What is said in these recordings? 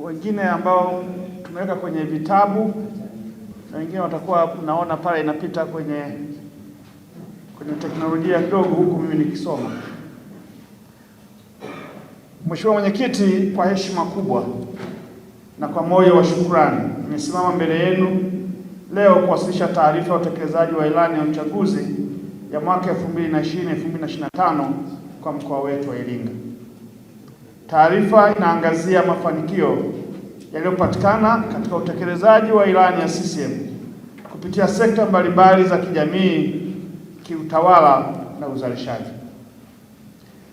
wengine ambao tumeweka kwenye vitabu na wengine watakuwa naona pale inapita kwenye kwenye teknolojia kidogo, huku mimi nikisoma. Mheshimiwa Mwenyekiti, kwa heshima kubwa na kwa moyo wa shukrani nimesimama mbele yenu leo kuwasilisha taarifa ya utekelezaji wa ilani ya uchaguzi ya mwaka 2020-2025 kwa mkoa wetu wa Iringa. Taarifa inaangazia mafanikio yaliyopatikana katika utekelezaji wa ilani ya CCM kupitia sekta mbalimbali za kijamii, kiutawala na uzalishaji.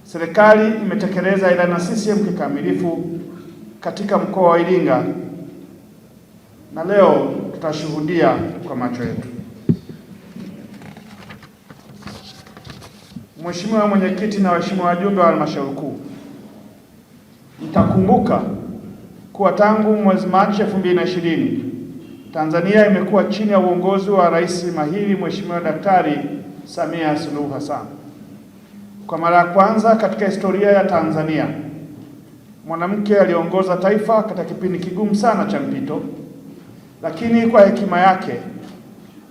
Serikali imetekeleza ilani ya CCM kikamilifu katika mkoa wa Iringa na leo tutashuhudia kwa macho yetu. Mheshimiwa Mwenyekiti na waheshimiwa wajumbe wa Halmashauri Kuu, Mtakumbuka kuwa tangu mwezi Machi 2020 Tanzania imekuwa chini ya uongozi wa rais mahiri Mheshimiwa Daktari Samia Suluhu Hassan. Kwa mara ya kwanza katika historia ya Tanzania, mwanamke aliongoza taifa katika kipindi kigumu sana cha mpito, lakini kwa hekima yake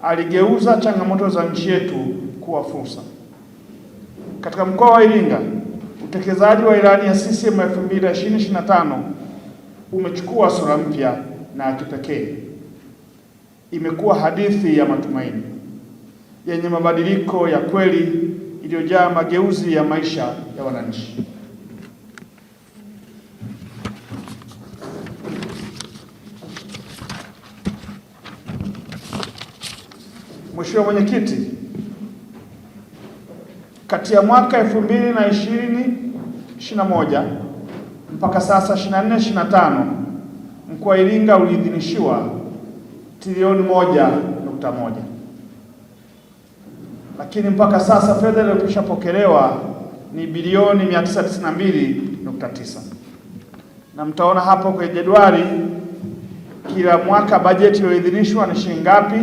aligeuza changamoto za nchi yetu kuwa fursa. Katika mkoa wa Iringa Utekelezaji wa ilani ya CCM 2025 umechukua sura mpya na ya kipekee. Imekuwa hadithi ya matumaini yenye mabadiliko ya kweli iliyojaa mageuzi ya maisha ya wananchi. Mheshimiwa Mwenyekiti, kati ya mwaka 2020 21 mpaka sasa 24 25, mkoa wa Iringa uliidhinishiwa trilioni moja nukta moja, lakini mpaka sasa fedha iliyopokelewa ni bilioni 992.9, na mtaona hapo kwenye jedwali kila mwaka bajeti iliyoidhinishwa ni shilingi ngapi,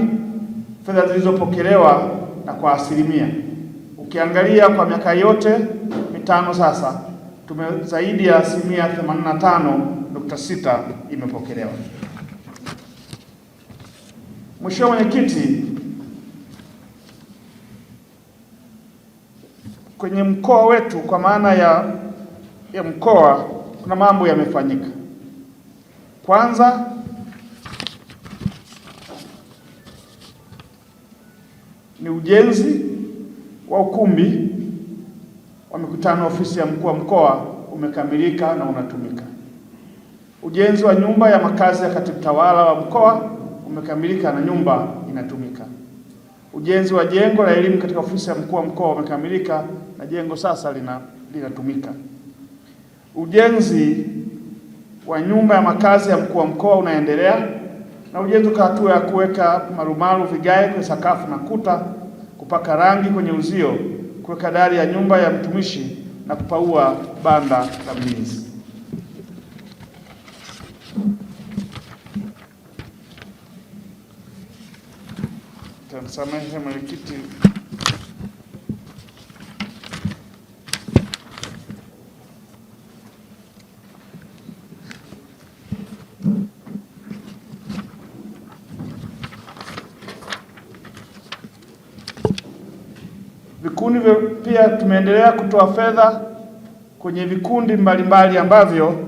fedha zilizopokelewa na kwa asilimia Ukiangalia kwa miaka yote mitano sasa, tume zaidi ya asilimia 85.6 imepokelewa. Mheshimiwa Mwenyekiti, kwenye mkoa wetu kwa maana ya, ya mkoa kuna mambo yamefanyika. Kwanza ni ujenzi wa ukumbi wa mikutano ofisi ya mkuu wa mkoa umekamilika na unatumika. Ujenzi wa nyumba ya makazi ya katibu tawala wa mkoa umekamilika na nyumba inatumika. Ujenzi wa jengo la elimu katika ofisi ya mkuu wa mkoa umekamilika na jengo sasa lina linatumika. Ujenzi wa nyumba ya makazi ya mkuu wa mkoa unaendelea na ujenzi kwa hatua ya kuweka marumaru, vigae kwenye sakafu na kuta kupaka rangi kwenye uzio, kuweka dari ya nyumba ya mtumishi na kupaua banda la mlinzi. Tamsamehe mwenyekiti. vikundi vya pia tumeendelea kutoa fedha kwenye vikundi mbalimbali mbali ambavyo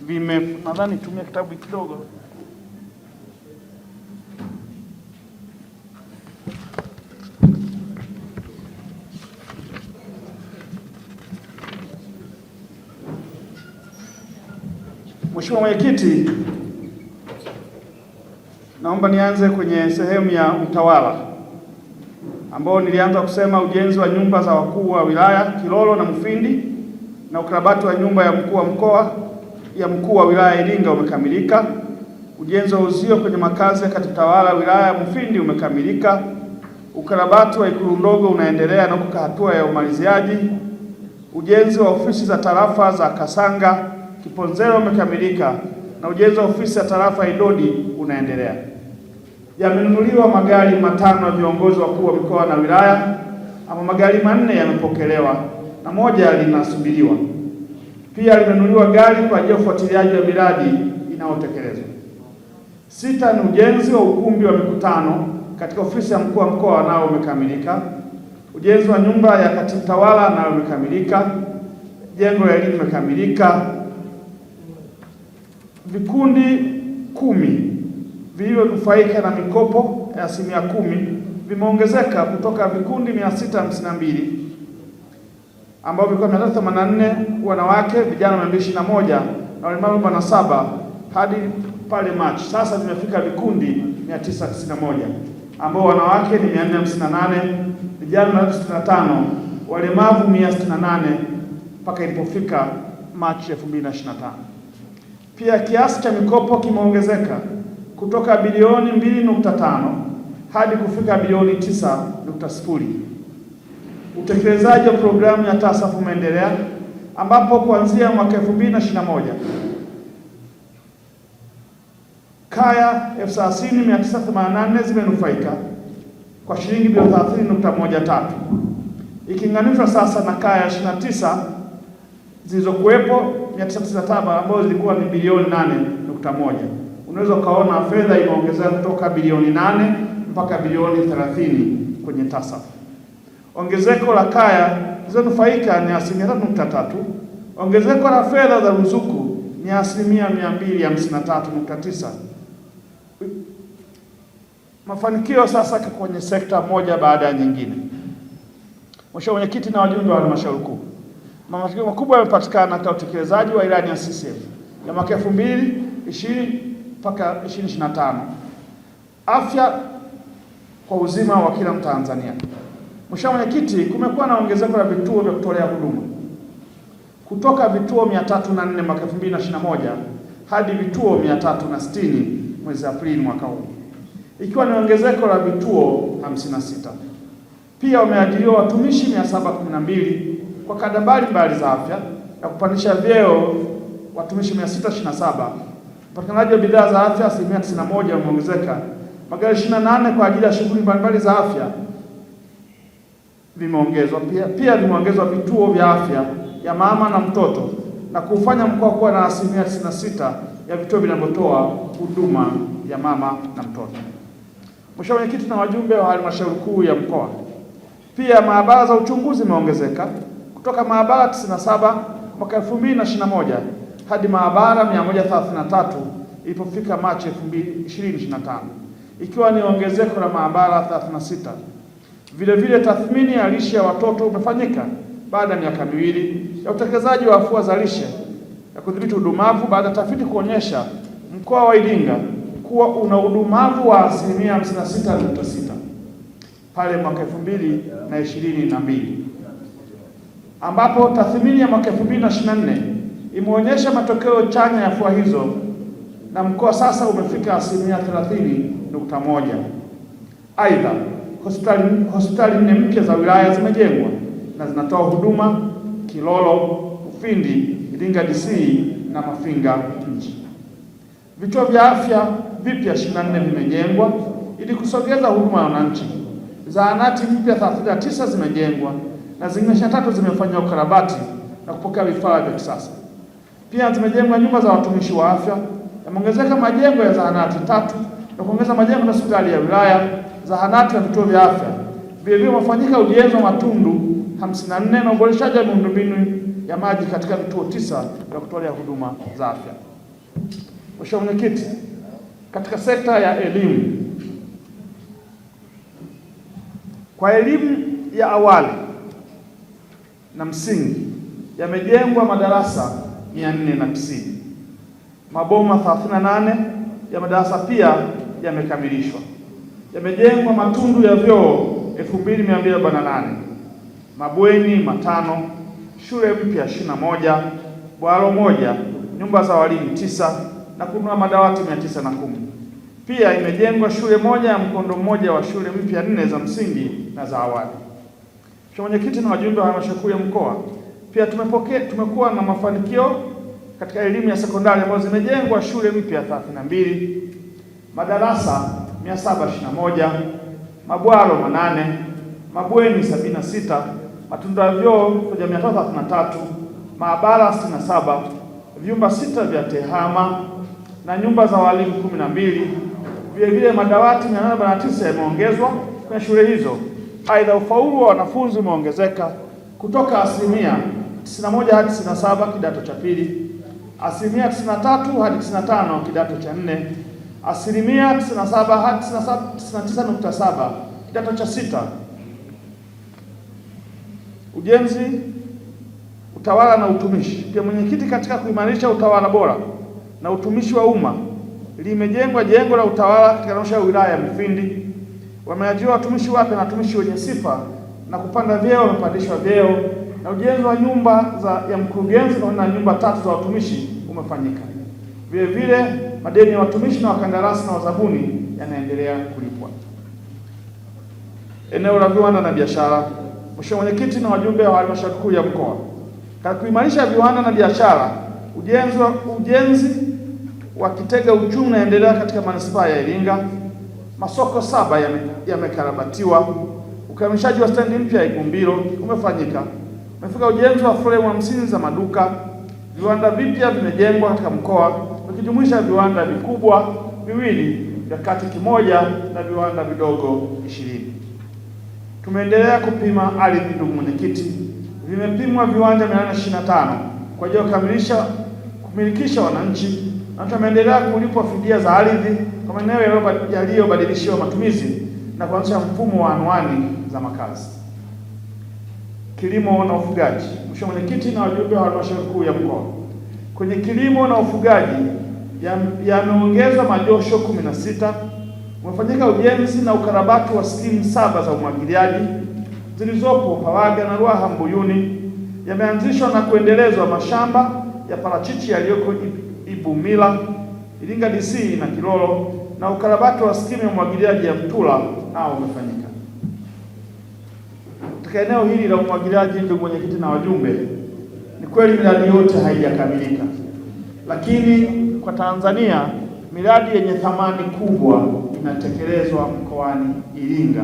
vime nadhani tumia kitabu kidogo Mheshimiwa Mwenyekiti, naomba nianze kwenye sehemu ya utawala ambao nilianza kusema ujenzi wa nyumba za wakuu wa wilaya Kilolo na Mufindi na ukarabati wa nyumba ya mkuu wa mkoa ya mkuu wa wilaya Iringa umekamilika. Ujenzi wa uzio kwenye makazi ya tawala wilaya ya Mufindi umekamilika. Ukarabati wa ikulu ndogo unaendelea na uko hatua ya umaliziaji. Ujenzi wa ofisi za tarafa za Kasanga Kiponzero umekamilika na ujenzi wa ofisi ya tarafa Idodi unaendelea yamenunuliwa magari matano ya viongozi wakuu wa mikoa na wilaya, ama magari manne yamepokelewa na moja linasubiriwa. Pia limenunuliwa gari kwa ajili ya ufuatiliaji wa miradi inayotekelezwa. Sita ni ujenzi wa ukumbi wa mikutano katika ofisi ya mkuu wa mkoa, nao umekamilika. Ujenzi wa nyumba ya katibu tawala nayo umekamilika. Jengo la elimu limekamilika. Vikundi kumi vilivyonufaika na mikopo ya asilimia kumi vimeongezeka kutoka vikundi mia 652 ambavyo vilikuwa nne wanawake, vijana 221 na walemavu saba hadi pale Machi. Sasa vimefika vikundi moja ambao wanawake ni nane vijana tano walemavu nane mpaka ilipofika Machi tano. Pia kiasi cha mikopo kimeongezeka kutoka bilioni 2.5 hadi kufika bilioni 9.0. Utekelezaji wa programu ya TASAF umeendelea ambapo kuanzia mwaka 2021 kaya 98984 zimenufaika kwa shilingi bilioni 30.13 ikilinganishwa sasa na kaya 29 zilizokuwepo 997 ambazo zilikuwa ni bilioni 8.1 unaweza ukaona fedha imeongezeka kutoka bilioni nane mpaka bilioni thelathini kwenye TASAF. Ongezeko la kaya zilizonufaika ni asilimia tatu nukta tatu. Ongezeko la fedha za ruzuku ni asilimia mia mbili hamsini na tatu nukta tisa. Mafanikio sasa kwenye sekta moja baada ya nyingine. Mheshimiwa Mwenyekiti na wajumbe wa halmashauri kuu, mafanikio makubwa yamepatikana katika utekelezaji wa ilani ya CCM ya mwaka elfu mbili ishirini mpaka 2025 afya kwa uzima wa kila Mtanzania. Mheshimiwa Mwenyekiti, kumekuwa na ongezeko la vituo vya kutolea huduma kutoka vituo 304 mwaka 2021 hadi vituo 360 mwezi Aprili mwaka huu, ikiwa ni ongezeko la vituo 56. Pia wameajiriwa watumishi 712 kwa kada mbalimbali za afya na kupandisha vyeo watumishi 627 Upatikanaji wa bidhaa za afya asilimia 91 umeongezeka. Magari 28 kwa ajili ya shughuli mbalimbali za afya vimeongezwa. Pia pia vimeongezwa vituo vya afya ya mama na mtoto na kufanya mkoa kuwa na asilimia 96 ya vituo vinavyotoa huduma ya mama na mtoto. Mheshimiwa Mwenyekiti na wajumbe wa halmashauri kuu ya mkoa, pia maabara za uchunguzi zimeongezeka kutoka maabara 97 mwaka 2021 hadi maabara 133 ilipofika Machi 2025 ikiwa ni ongezeko la maabara 36. Vilevile, tathmini ya lishe ya watoto umefanyika baada ya miaka miwili ya utekelezaji wa afua za lishe ya kudhibiti udumavu baada ya tafiti kuonyesha mkoa wa Iringa kuwa una udumavu wa asilimia 56.6 pale mwaka 2022 ambapo tathmini ya mwaka 2024 imeonyesha matokeo chanya ya fua hizo na mkoa sasa umefika asilimia thelathini nukta moja. Aidha, hospitali hospitali nne mpya za wilaya zimejengwa na zinatoa huduma Kilolo, Ufindi, Iringa DC na Mafinga nji. Vituo vya afya vipya 24 vimejengwa ili kusogeza huduma ya wananchi. Zahanati mpya 39 zimejengwa na zingine 23 zimefanyiwa ukarabati na kupokea vifaa vya kisasa. Pia zimejengwa nyumba za watumishi wa afya, yameongezeka majengo ya zahanati tatu na kuongeza majengo ya hospitali ya wilaya, zahanati na vituo vya afya. Vilevile umefanyika ujenzi wa matundu 54 na uboreshaji wa miundombinu ya maji katika vituo tisa vya kutolea huduma za afya. Mheshimiwa Mwenyekiti, katika sekta ya elimu, kwa elimu ya awali na msingi yamejengwa madarasa 490. Maboma 38 ya madarasa pia yamekamilishwa. Yamejengwa matundu ya vyoo 2248, mabweni matano, shule mpya 21, bwalo moja, nyumba za walimu tisa na kununua madawati 910. Pia imejengwa shule moja ya mkondo mmoja wa shule mpya nne za msingi na za awali. Mheshimiwa Mwenyekiti na wajumbe wa halmashauri ya mkoa pia tumepokea tumekuwa na mafanikio katika elimu ya sekondari ambazo zimejengwa shule mpya 32, madarasa 721, mabwalo manane, mabweni 76, matunda ya vyoo 1333, maabara 67, vyumba sita vya tehama na nyumba za walimu 12. Vilevile madawati 889 yameongezwa kwenye shule hizo. Aidha, ufaulu wa wanafunzi umeongezeka kutoka asilimia 91 hadi 97 kidato cha pili, asilimia 93 hadi 95 kidato cha nne, asilimia 97 hadi 99.7 kidato cha sita, ujenzi, utawala na utumishi. Pia mwenyekiti, katika kuimarisha utawala bora na utumishi wa umma limejengwa jengo la utawala katika halmashauri ya wilaya ya Mufindi. Wameajiriwa watumishi wapya na watumishi wenye sifa na kupanda vyeo, wamepandishwa vyeo na ujenzi wa nyumba za ya mkurugenzi na nyumba tatu za watumishi umefanyika. Vile vile madeni ya watumishi na wakandarasi na wazabuni yanaendelea kulipwa. Eneo la viwanda na biashara. Mheshimiwa Mwenyekiti na wajumbe wa halmashauri kuu ya mkoa, katika kuimarisha viwanda na biashara, ujenzi wa ujenzi wa kitega uchumi unaendelea katika manispaa ya Iringa. Masoko saba yamekarabatiwa. Ukamilishaji wa stendi mpya ya Igumbiro umefanyika umefika ujenzi wa fremu hamsini za maduka. Viwanda vipya vimejengwa katika mkoa vikijumuisha viwanda vikubwa viwili vya kati kimoja na viwanda vidogo ishirini. Tumeendelea kupima ardhi, ndugu mwenyekiti, vimepimwa viwanja mia nane ishirini na tano kwa ajili ya kukamilisha kumilikisha wananchi, na tumeendelea kulipwa fidia za ardhi kwa maeneo yaliyobadilishiwa matumizi na kuanzisha mfumo wa anwani za makazi kilimo na ufugaji. Mheshimiwa Mwenyekiti na wajumbe wa halmashauri kuu ya mkoa, kwenye kilimo na ufugaji yameongeza ya majosho kumi na sita, umefanyika ujenzi na ukarabati wa skimu saba za umwagiliaji zilizopo Pawaga na Ruaha Mbuyuni, yameanzishwa na kuendelezwa mashamba ya parachichi yaliyoko Ibumila, Iringa DC na Kilolo, na ukarabati wa skimu ya umwagiliaji ya Mtula nao umefanyika katika eneo hili la umwagiliaji, ndugu mwenyekiti na wajumbe, ni kweli miradi yote haijakamilika, lakini kwa Tanzania miradi yenye thamani kubwa inatekelezwa mkoani Iringa,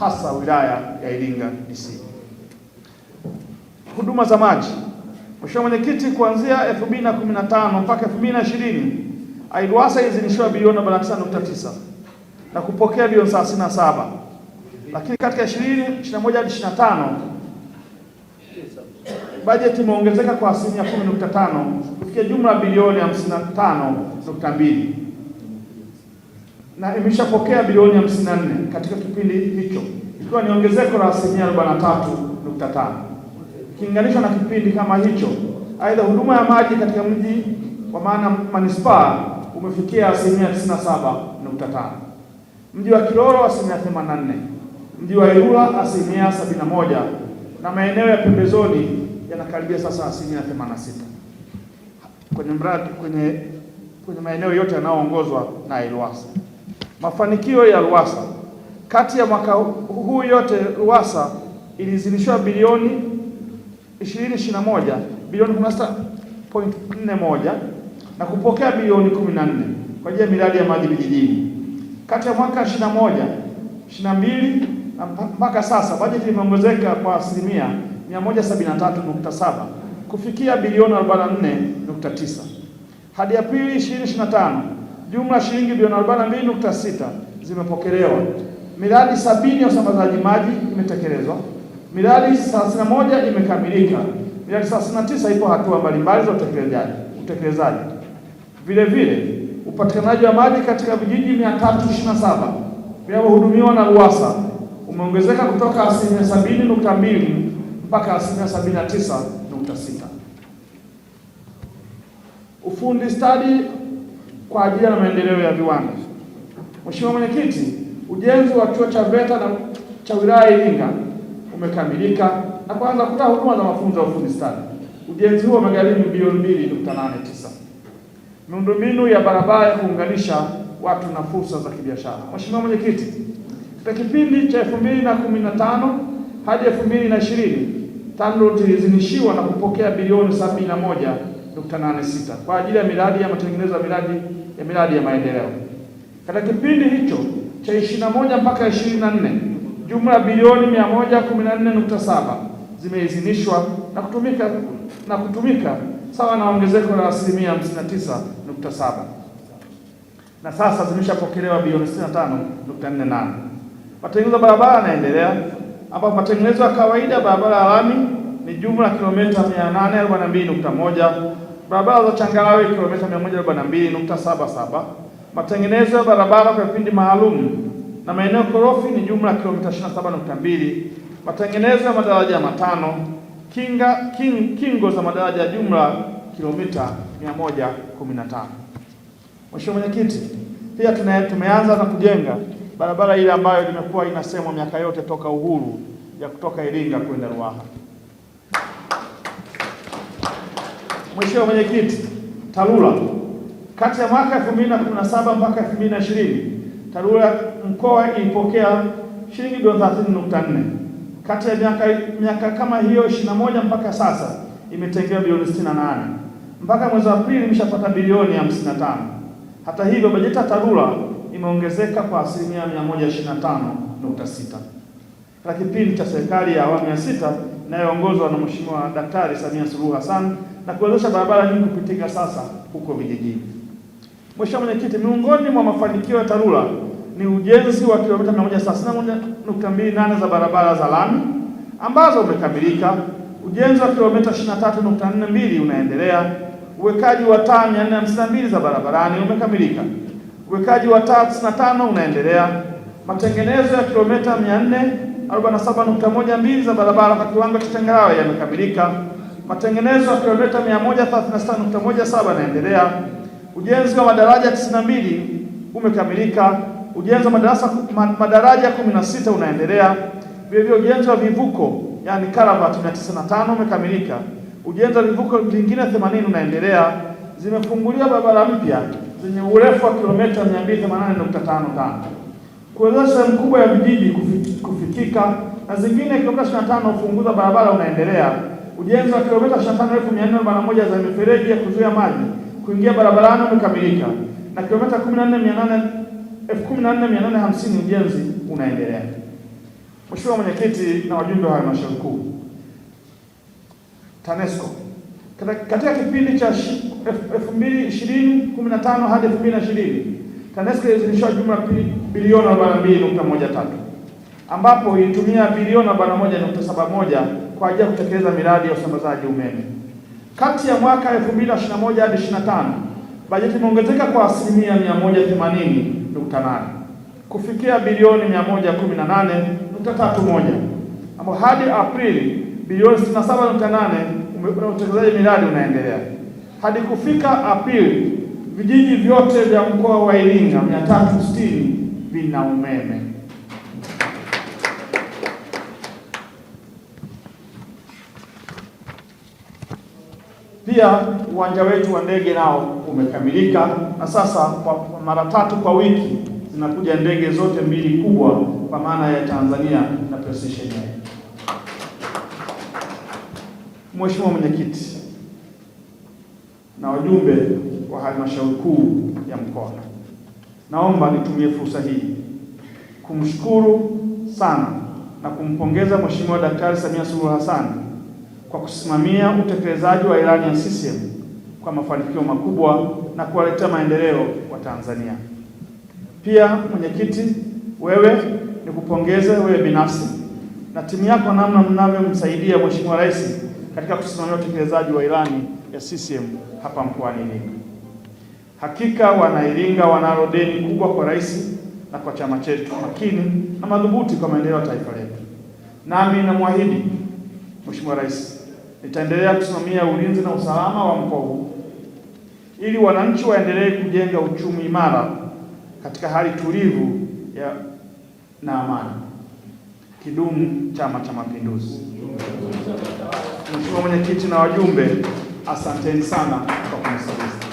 hasa wilaya ya Iringa DC. Huduma za maji, Mheshimiwa Mwenyekiti, kuanzia 2015 mpaka 2020 AIDUWASA ilizinishiwa bilioni 49.9 na kupokea bilioni 37 lakini katika 20 21 hadi 25 bajeti imeongezeka kwa asilimia 10.5 kufikia jumla bilioni 55.2 na imeshapokea bilioni 54 katika kipindi hicho, ikiwa ni ongezeko la asilimia 43.5 ikilinganishwa na kipindi kama hicho. Aidha, huduma ya maji katika mji kwa maana manispaa umefikia asilimia 97.5, mji wa Kilolo asilimia 84 mji wa Ilula asilimia sabini na moja na maeneo ya pembezoni yanakaribia sasa asilimia themanini na sita kwenye mradi kwenye kwenye maeneo yote yanayoongozwa na Ruwasa. Mafanikio ya Ruwasa kati ya mwaka huu yote Ruwasa ilizidishiwa bilioni 2021 bilioni 16.41 na kupokea bilioni 14 kwa ajili ya miradi ya maji vijijini. Kati ya mwaka 21 22 mpaka sasa bajeti imeongezeka kwa asilimia 173.7 kufikia bilioni 44.9. Hadi ya pili 2025 jumla shilingi bilioni 42.6 zimepokelewa. Miradi sabini ya usambazaji maji imetekelezwa, miradi 31 imekamilika, miradi 39 ipo hatua mbalimbali za utekelezaji. Vile vile upatikanaji wa maji katika vijiji 327 vinavyohudumiwa na RUWASA umeongezeka kutoka asilimia sabini nukta mbili mpaka asilimia sabini na tisa nukta sita. Ufundi stadi kwa ajili na maendeleo ya viwanda. Mheshimiwa Mwenyekiti, ujenzi wa chuo cha VETA na cha wilaya Iringa umekamilika na kuanza kutoa huduma za mafunzo ya ufundi stadi. Ujenzi huo umegharimu bilioni mbili nukta nane tisa. Miundombinu ya barabara ya kuunganisha watu na fursa za kibiashara. Mheshimiwa Mwenyekiti kwa kipindi cha 2015 hadi 2020 TANROADS iliidhinishiwa na kupokea bilioni 71.86 kwa ajili ya miradi ya matengenezo ya miradi ya miradi ya maendeleo. Katika kipindi hicho cha 21 mpaka 24, jumla bilioni 114.7 zimeidhinishwa na kutumika na kutumika sawa na ongezeko la asilimia 59.7, na sasa zimeshapokelewa bilioni 65.48. Matengenezo ya barabara yanaendelea ambapo matengenezo ya kawaida barabara ya lami ni jumla kilomita 842.1, barabara za changarawe kilomita 142.77, matengenezo ya barabara kwa vipindi maalum na maeneo korofi ni jumla kilomita 27.2, matengenezo ya madaraja matano, kinga king, kingo za madaraja ya jumla kilomita 115. Mheshimiwa Mwenyekiti, pia tumeanza na kujenga barabara ile ambayo imekuwa inasemwa miaka yote toka uhuru ya kutoka Iringa kwenda Ruaha. Mheshimiwa Mwenyekiti, TARURA kati ya mwaka 2017 mpaka 2020 TARURA mkoa ilipokea shilingi bilioni 30.4. Kati ya miaka miaka kama hiyo 21 mpaka sasa imetengewa bilioni 68. Mpaka mwezi wa Aprili imeshapata bilioni 55. Hata hivyo bajeti ya TARURA imeongezeka kwa asilimia 125.6 katika kipindi cha serikali ya awamu ya sita inayoongozwa na Mheshimiwa Daktari Samia Suluhu Hassan na kuwezesha barabara nyingi kupitika sasa huko vijijini. Mheshimiwa Mwenyekiti, miongoni mwa mafanikio ya TARURA ni ujenzi wa kilomita 131.28 za barabara za lami ambazo umekamilika. Ujenzi wa kilomita 23.42 unaendelea. Uwekaji wa taa 452 za barabarani umekamilika uwekaji wa taa 95 unaendelea, matengenezo ya kilomita 447.12 za barabara kwa kiwango cha changarawe yamekamilika, matengenezo ya kilomita 136.17 yanaendelea, ujenzi wa madaraja 92 umekamilika, ujenzi wa madarasa madaraja 16 unaendelea, vile ujenzi wa vivuko yani karavati 95 umekamilika, ujenzi wa vivuko vingine 80 unaendelea, zimefunguliwa barabara mpya zenye urefu wa kilomita 288.55 kuwezesha sehemu kubwa ya vijiji kufikika na zingine kilomita 25 kufunguza barabara unaendelea. Ujenzi wa kilomita 25,441 za mifereji ya kuzuia maji kuingia barabarani umekamilika na kilomita 14,850 ujenzi unaendelea. Mheshimiwa Mwenyekiti na wajumbe wa halmashauri kuu TANESCO katika kipindi cha 2015 hadi 2020 TANESCO iliidhinisha jumla bilioni 42.13 ambapo ilitumia bilioni 41.71 kwa ajili ya kutekeleza miradi ya usambazaji umeme. Kati ya mwaka 2021 hadi 25 bajeti imeongezeka kwa asilimia 180.8 kufikia bilioni 118.31 ambapo hadi Aprili bilioni 67.8 na utekelezaji miradi unaendelea. Hadi kufika Aprili, vijiji vyote vya mkoa wa Iringa mia tatu sitini vina umeme. Pia uwanja wetu wa ndege nao umekamilika na sasa kwa mara tatu kwa wiki zinakuja ndege zote mbili kubwa, kwa maana ya Tanzania na Precision Air. Mheshimiwa Mwenyekiti na wajumbe wa halmashauri kuu ya mkoa, naomba nitumie fursa hii kumshukuru sana na kumpongeza Mheshimiwa Daktari Samia Suluhu Hassan kwa kusimamia utekelezaji wa ilani ya CCM kwa mafanikio makubwa na kuwaletea maendeleo wa Tanzania. Pia mwenyekiti, wewe nikupongeze wewe binafsi na timu yako namna mnavyomsaidia Mheshimiwa Rais katika kusimamia utekelezaji wa ilani ya CCM hapa mkoani Iringa. Hakika Wanairinga wanalo deni kubwa kwa rais na kwa chama chetu makini na madhubuti kwa maendeleo ya taifa letu. Nami namwahidi Mheshimiwa Rais, nitaendelea kusimamia ulinzi na usalama wa mkoa huu ili wananchi waendelee kujenga uchumi imara katika hali tulivu ya na amani. Kidumu Chama cha Mapinduzi! Mheshimiwa mwenyekiti na wajumbe, asanteni sana kwa kunisikiliza.